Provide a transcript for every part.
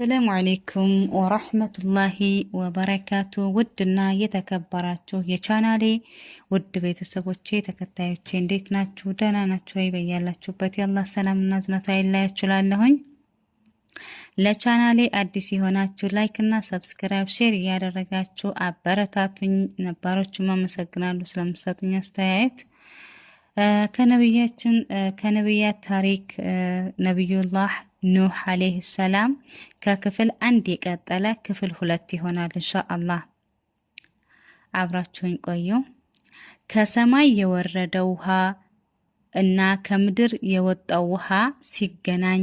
ሰላሙ አሌይኩም ወረሕመቱላሂ ወበረካቱ። ውድና የተከበራችሁ የቻናሌ ውድ ቤተሰቦቼ ተከታዮቼ እንዴት ናችሁ? ደህና ናችሁ ወይ? በያላችሁበት የአላህ ሰላምና እዝነቱ አይለያችሁ ለቻናሌ አዲስ የሆናችሁ ላይክ እና ሰብስክራይብ፣ ሼር እያደረጋችሁ አበረታቱኝ። ነባሮችም አመሰግናለሁ ስለምሰጡኝ አስተያየት። ከነቢያችን ከነቢያት ታሪክ ነቢዩላህ ኑህ አለይህ ሰላም ከክፍል አንድ የቀጠለ ክፍል ሁለት ይሆናል እንሻ አላህ። አብራችሁን ቆዩ። ከሰማይ የወረደው ውሃ እና ከምድር የወጣው ውሃ ሲገናኝ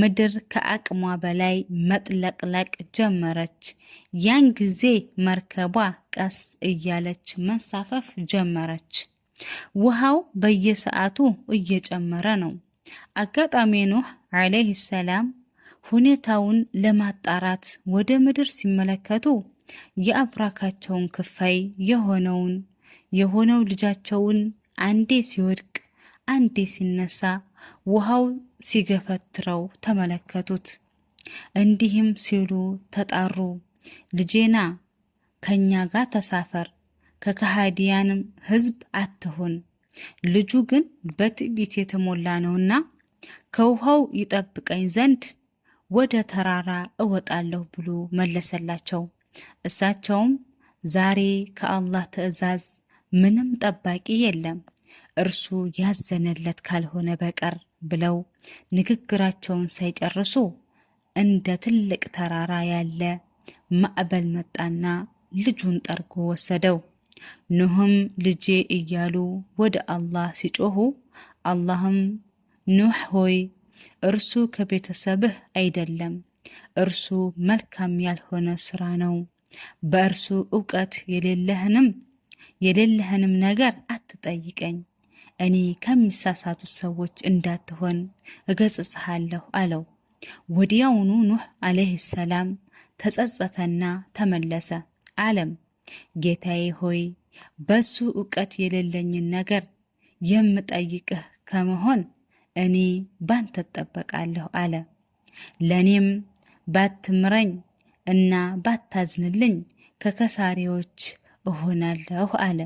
ምድር ከአቅሟ በላይ መጥለቅለቅ ጀመረች። ያን ጊዜ መርከቧ ቀስ እያለች መንሳፈፍ ጀመረች። ውሃው በየሰዓቱ እየጨመረ ነው። አጋጣሚ ኑህ ዓለይህ ሰላም ሁኔታውን ለማጣራት ወደ ምድር ሲመለከቱ የአብራካቸውን ክፋይ የሆነውን የሆነው ልጃቸውን አንዴ ሲወድቅ አንዴ ሲነሳ ውሃው ሲገፈትረው ተመለከቱት። እንዲህም ሲሉ ተጣሩ፣ ልጄና ከእኛ ጋር ተሳፈር፣ ከከሃዲያንም ሕዝብ አትሆን ልጁ ግን በትዕቢት የተሞላ ነውና ከውሃው ይጠብቀኝ ዘንድ ወደ ተራራ እወጣለሁ ብሎ መለሰላቸው። እሳቸውም ዛሬ ከአላህ ትዕዛዝ ምንም ጠባቂ የለም እርሱ ያዘነለት ካልሆነ በቀር ብለው ንግግራቸውን ሳይጨርሱ እንደ ትልቅ ተራራ ያለ ማዕበል መጣና ልጁን ጠርጎ ወሰደው። ኑህም ልጄ እያሉ ወደ አላህ ሲጮሁ አላህም ኑሕ ሆይ እርሱ ከቤተሰብህ አይደለም፣ እርሱ መልካም ያልሆነ ስራ ነው። በእርሱ እውቀት የሌለህንም የሌለህንም ነገር አትጠይቀኝ፣ እኔ ከሚሳሳቱ ሰዎች እንዳትሆን እገጽጽሃለሁ አለው። ወዲያውኑ ኑሕ ዓለይህ ሰላም ተጸጸተና ተመለሰ። አለም ጌታዬ ሆይ በሱ እውቀት የሌለኝን ነገር የምጠይቅህ ከመሆን እኔ ባንተ እጠበቃለሁ አለ። ለእኔም ባትምረኝ እና ባታዝንልኝ ከከሳሪዎች እሆናለሁ አለ።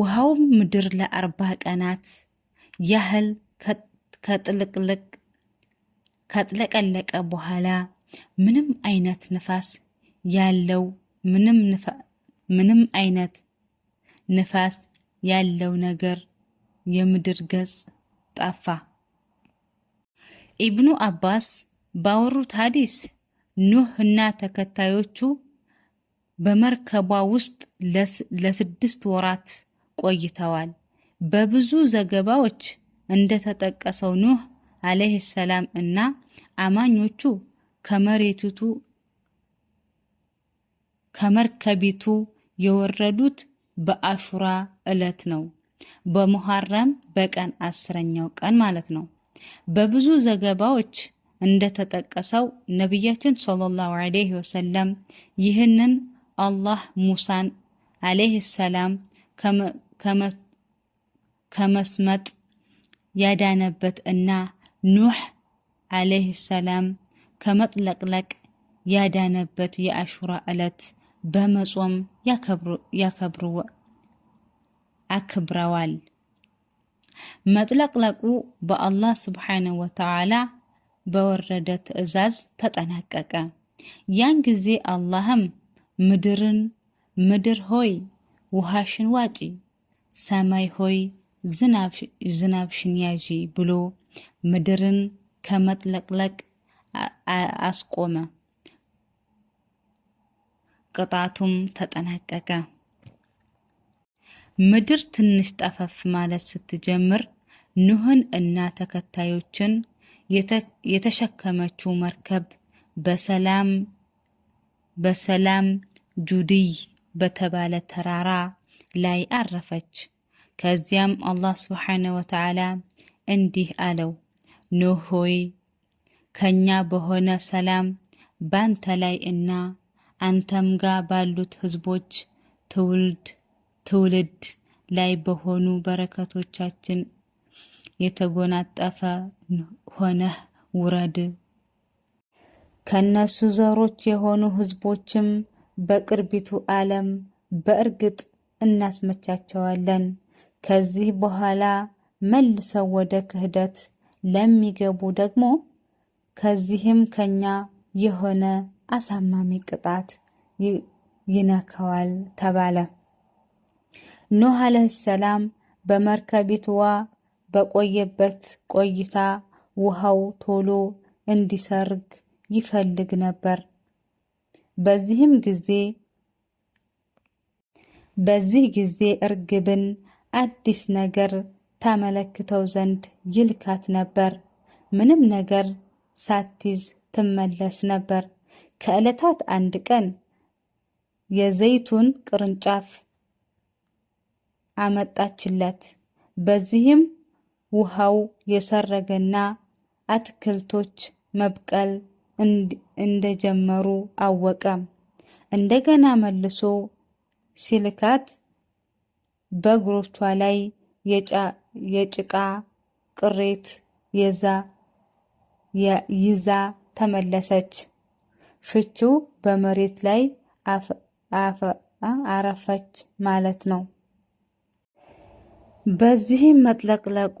ውሃውም ምድር ለአርባ ቀናት ያህል ከጥልቅልቅ ካጥለቀለቀ በኋላ ምንም አይነት ንፋስ ያለው ምንም አይነት ንፋስ ያለው ነገር የምድር ገጽ ጠፋ። ኢብኑ አባስ ባወሩት ሀዲስ ኑህ እና ተከታዮቹ በመርከቧ ውስጥ ለስድስት ወራት ቆይተዋል። በብዙ ዘገባዎች እንደተጠቀሰው ኑህ አለይሂ ሰላም እና አማኞቹ ከመሬቲቱ ከመርከቢቱ የወረዱት በአሹራ ዕለት ነው። በሙሐረም በቀን አስረኛው ቀን ማለት ነው። በብዙ ዘገባዎች እንደተጠቀሰው ነቢያችን ሰለላሁ ዐለይሂ ወሰለም ይህንን አላህ ሙሳን ዐለይሂ ሰላም ከመስመጥ ያዳነበት እና ኑህ ዐለይሂ ሰላም ከመጥለቅለቅ ያዳነበት የአሹራ ዕለት በመጾም አክብረዋል። መጥለቅለቁ በአላህ ስብሓንሁ ወተዓላ በወረደ ትዕዛዝ ተጠናቀቀ። ያን ጊዜ አላህም ምድርን ምድር ሆይ ውሃሽን ዋጪ፣ ሰማይ ሆይ ዝናብሽን ያዢ ብሎ ምድርን ከመጥለቅለቅ አስቆመ። ቅጣቱም ተጠናቀቀ። ምድር ትንሽ ጠፈፍ ማለት ስትጀምር ኑህን እና ተከታዮችን የተሸከመችው መርከብ በሰላም በሰላም ጁድይ በተባለ ተራራ ላይ አረፈች። ከዚያም አላህ ስብሓነ ወተዓላ እንዲህ አለው፣ ኑህ ሆይ ከኛ በሆነ ሰላም ባንተ ላይ እና አንተም ጋር ባሉት ህዝቦች ትውልድ ትውልድ ላይ በሆኑ በረከቶቻችን የተጎናጠፈ ሆነህ ውረድ። ከነሱ ዘሮች የሆኑ ህዝቦችም በቅርቢቱ ዓለም በእርግጥ እናስመቻቸዋለን። ከዚህ በኋላ መልሰው ወደ ክህደት ለሚገቡ ደግሞ ከዚህም ከኛ የሆነ አሳማሚ ቅጣት ይነከዋል ተባለ። ኑህ ዓለይሂ ሰላም በመርከቢትዋ በቆየበት ቆይታ ውሃው ቶሎ እንዲሰርግ ይፈልግ ነበር። በዚህም ጊዜ በዚህ ጊዜ እርግብን አዲስ ነገር ታመለክተው ዘንድ ይልካት ነበር። ምንም ነገር ሳትይዝ ትመለስ ነበር። ከዕለታት አንድ ቀን የዘይቱን ቅርንጫፍ አመጣችለት። በዚህም ውሃው የሰረገና አትክልቶች መብቀል እንደጀመሩ አወቀ። እንደገና መልሶ ሲልካት በእግሮቿ ላይ የጭቃ ቅሬት ይዛ ተመለሰች። ፍቺው በመሬት ላይ አረፈች ማለት ነው። በዚህም መጥለቅለቁ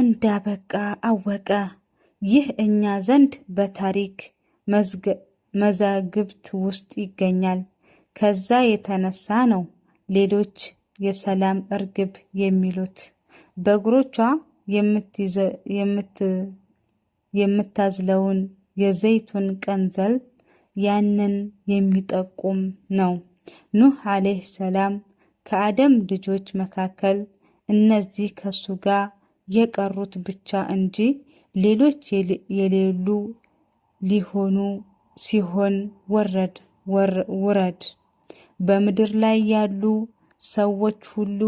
እንዳበቃ አወቀ። ይህ እኛ ዘንድ በታሪክ መዛግብት ውስጥ ይገኛል። ከዛ የተነሳ ነው ሌሎች የሰላም እርግብ የሚሉት። በእግሮቿ የምታዝለውን የዘይቱን ቀንዘል ያንን የሚጠቁም ነው። ኑህ አለይሂ ሰላም ከአደም ልጆች መካከል እነዚህ ከሱ ጋር የቀሩት ብቻ እንጂ ሌሎች የሌሉ ሊሆኑ ሲሆን ወረድ ውረድ በምድር ላይ ያሉ ሰዎች ሁሉ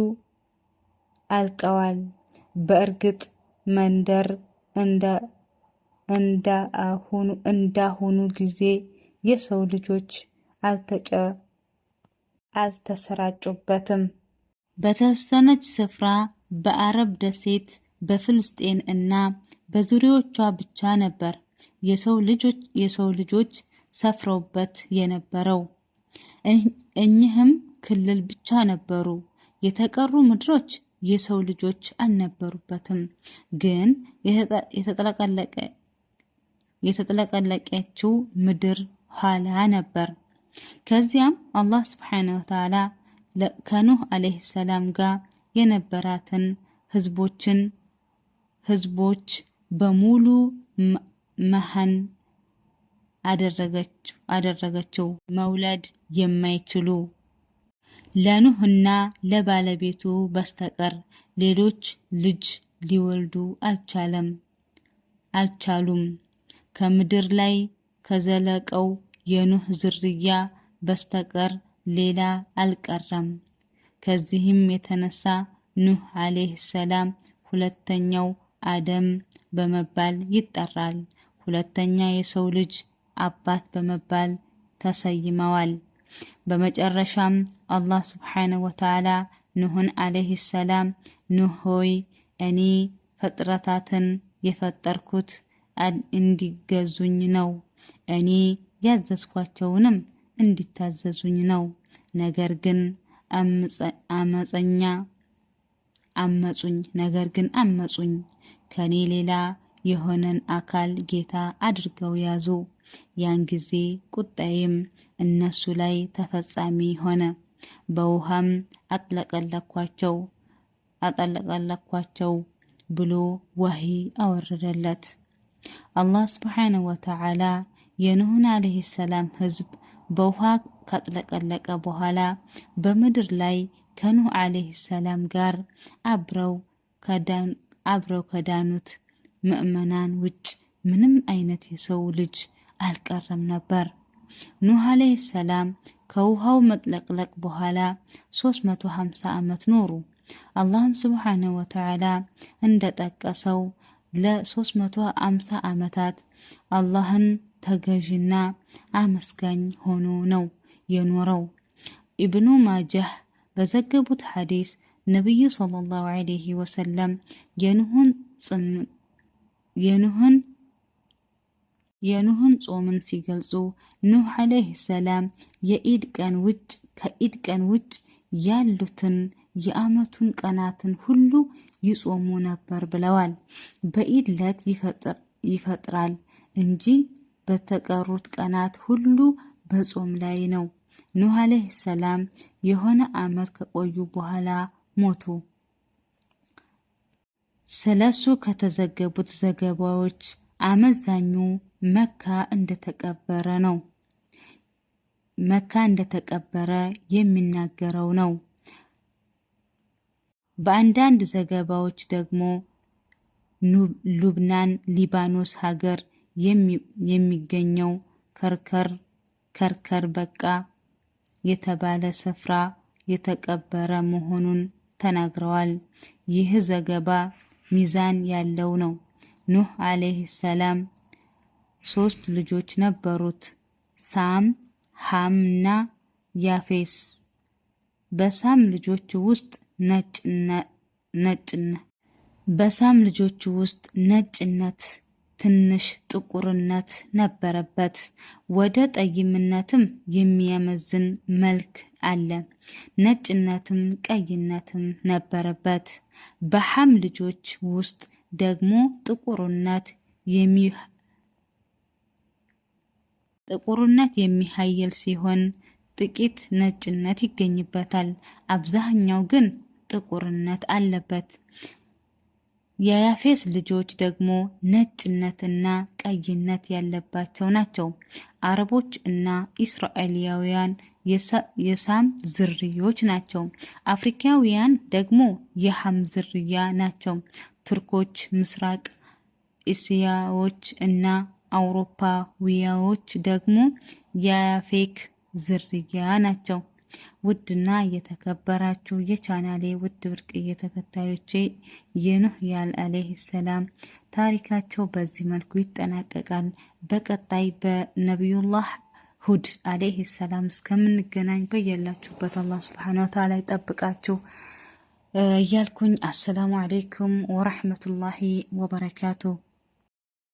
አልቀዋል። በእርግጥ መንደር እንዳሁኑ ጊዜ የሰው ልጆች አልተሰራጩበትም። በተወሰነች ስፍራ በአረብ ደሴት፣ በፍልስጤን እና በዙሪዎቿ ብቻ ነበር የሰው ልጆች የሰው ልጆች ሰፍረውበት የነበረው። እኚህም ክልል ብቻ ነበሩ። የተቀሩ ምድሮች የሰው ልጆች አልነበሩበትም። ግን የተጠለቀለቀችው ምድር ኋላ ነበር። ከዚያም አላህ ስብሓነሁ ወተዓላ ከኑህ ዓለይሂ ሰላም ጋር የነበራትን ህዝቦችን ህዝቦች በሙሉ መሀን አደረገችው። መውለድ የማይችሉ ለኑህና ለባለቤቱ በስተቀር ሌሎች ልጅ ሊወልዱ አልቻለም አልቻሉም። ከምድር ላይ ከዘለቀው የኑህ ዝርያ በስተቀር ሌላ አልቀረም። ከዚህም የተነሳ ኑህ አሌህ ሰላም ሁለተኛው አደም በመባል ይጠራል። ሁለተኛ የሰው ልጅ አባት በመባል ተሰይመዋል። በመጨረሻም አላህ ስብሓንሁ ወተዓላ ኑህን አለይህ ሰላም ኑህ ሆይ እኔ ፍጥረታትን የፈጠርኩት እንዲገዙኝ ነው እኔ ያዘዝኳቸውንም እንዲታዘዙኝ ነው። ነገር ግን አመፀኛ አመጹኝ ነገር ግን አመጹኝ። ከኔ ሌላ የሆነን አካል ጌታ አድርገው ያዙ። ያን ጊዜ ቁጣዬም እነሱ ላይ ተፈጻሚ ሆነ። በውሃም አጥለቀለኳቸው አጠለቀለኳቸው ብሎ ዋሂ አወረደለት። አላህ ስብሓነሁ ወተዓላ የኑህን አለይሂ ሰላም ህዝብ በውሃ ካጥለቀለቀ በኋላ በምድር ላይ ከኑህ አለይሂ ሰላም ጋር አብረው ከዳኑት ምእመናን ውጭ ምንም አይነት የሰው ልጅ አልቀረም ነበር። ኑህ አለይሂ ሰላም ከውሃው መጥለቅለቅ በኋላ 350 ዓመት ኖሩ። አላህም ስብሓነሁ ወተዓላ እንደጠቀሰው ለ350 ዓመታት አላህን ተገዥና አመስጋኝ ሆኖ ነው የኖረው። ኢብኑ ማጃህ በዘገቡት ሐዲስ ነቢዩ ሰለላሁ ዐለይሂ ወሰለም የኑህን የኑህን ጾምን ሲገልጹ ኑህ ዐለይሂ ሰላም የኢድ ቀን ውጭ ከኢድ ቀን ውጭ ያሉትን የአመቱን ቀናትን ሁሉ ይጾሙ ነበር ብለዋል። በኢድ ዕለት ይፈጥራል እንጂ በተቀሩት ቀናት ሁሉ በጾም ላይ ነው። ኑህ ዓለይሂ ሰላም የሆነ ዓመት ከቆዩ በኋላ ሞቱ። ስለሱ ከተዘገቡት ዘገባዎች አመዛኙ መካ እንደተቀበረ ነው መካ እንደተቀበረ የሚናገረው ነው። በአንዳንድ ዘገባዎች ደግሞ ሉብናን ሊባኖስ ሀገር የሚገኘው ከርከር ከርከር በቃ የተባለ ስፍራ የተቀበረ መሆኑን ተናግረዋል። ይህ ዘገባ ሚዛን ያለው ነው። ኑህ ዓለይሂ ሰላም ሶስት ልጆች ነበሩት፣ ሳም፣ ሃም እና ያፌስ። በሳም ልጆች ውስጥ ነጭነት በሳም ልጆች ውስጥ ነጭነት ትንሽ ጥቁርነት ነበረበት፣ ወደ ጠይምነትም የሚያመዝን መልክ አለ። ነጭነትም ቀይነትም ነበረበት። በሐም ልጆች ውስጥ ደግሞ ጥቁርነት ጥቁርነት የሚሀየል ሲሆን ጥቂት ነጭነት ይገኝበታል። አብዛኛው ግን ጥቁርነት አለበት። የያፌስ ልጆች ደግሞ ነጭነትና ቀይነት ያለባቸው ናቸው። አረቦች እና እስራኤላውያን የሳም ዝርዮች ናቸው። አፍሪካውያን ደግሞ የሐም ዝርያ ናቸው። ቱርኮች፣ ምስራቅ እስያዎች እና አውሮፓዊያዎች ደግሞ የያፌክ ዝርያ ናቸው። ውድና የተከበራችሁ የቻናሌ ውድ ብርቅ ተከታዮቼ የኑህ ያል አለይህ ሰላም ታሪካቸው በዚህ መልኩ ይጠናቀቃል። በቀጣይ በነቢዩላህ ሁድ አለይህ ሰላም እስከምንገናኝ በያላችሁበት አላህ ስብሓነ ወተዓላ ይጠብቃችሁ እያልኩኝ አሰላሙ አሌይኩም ወረሕመቱላሂ ወበረካቱ።